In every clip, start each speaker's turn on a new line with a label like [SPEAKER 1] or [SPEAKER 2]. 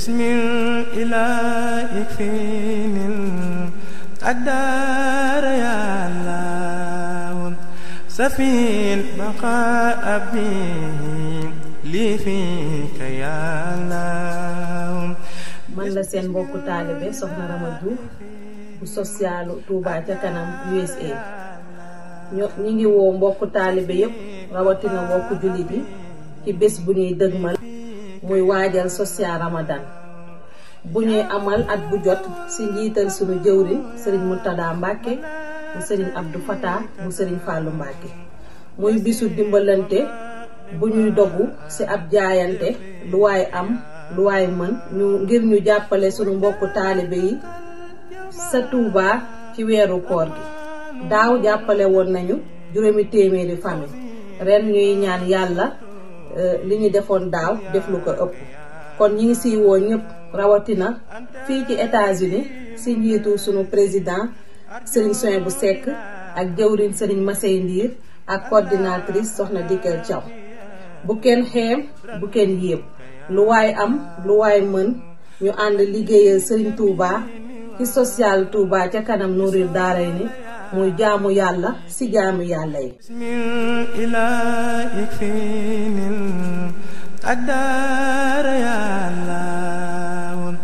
[SPEAKER 1] بسم الإله فيني القدار يا الله سفي البقاء به lii fii
[SPEAKER 2] man la seen mbokku taalibe soxna Rama Diouf bu socialu Touba ca kanam USA ñu ñi ngi woo mbokku taalibe yépp rawatina mbokku jullit yi ci bés bu ñuy dëgmal muy waajal social ramadan bu ñuy amal at bu jot si njiital sunu jëwriñ sëriñ Murtada Mbàkke mu sëriñ Abdou Fatah mu sëriñ Fallou Mbàkke muy bisu dimbalante bu ñuy dogu ci ab jaayante lu waay am lu waay mën ñu ngir ñu jàppale sunu mbokku taalibe yi sa Touba ci weeru koor gi daaw jàppale woon nañu juróomi téeméeri famille ren ñuy ñaan yàlla Euh, li ñu defoon daaw def lu ko ëpp kon ñi ngi siy woo ñëpp rawatina fii ci États-Unis si njiitu suñu président Serigne Soin bu Seck ak jëwriñ Serigne Massey Ndiir ak coordinatrice soxna Dikel Thiaw bu kenn xeem bu kenn yéem lu waay am lu waay mën ñu ànd liggéeyal Serigne Touba ci social Touba ca kanam Nouril Daarayni muy jaamu yàlla si jaamu yàlla
[SPEAKER 1] yi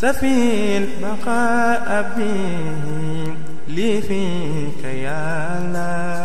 [SPEAKER 1] safin baqa abi lii fi ka yàlla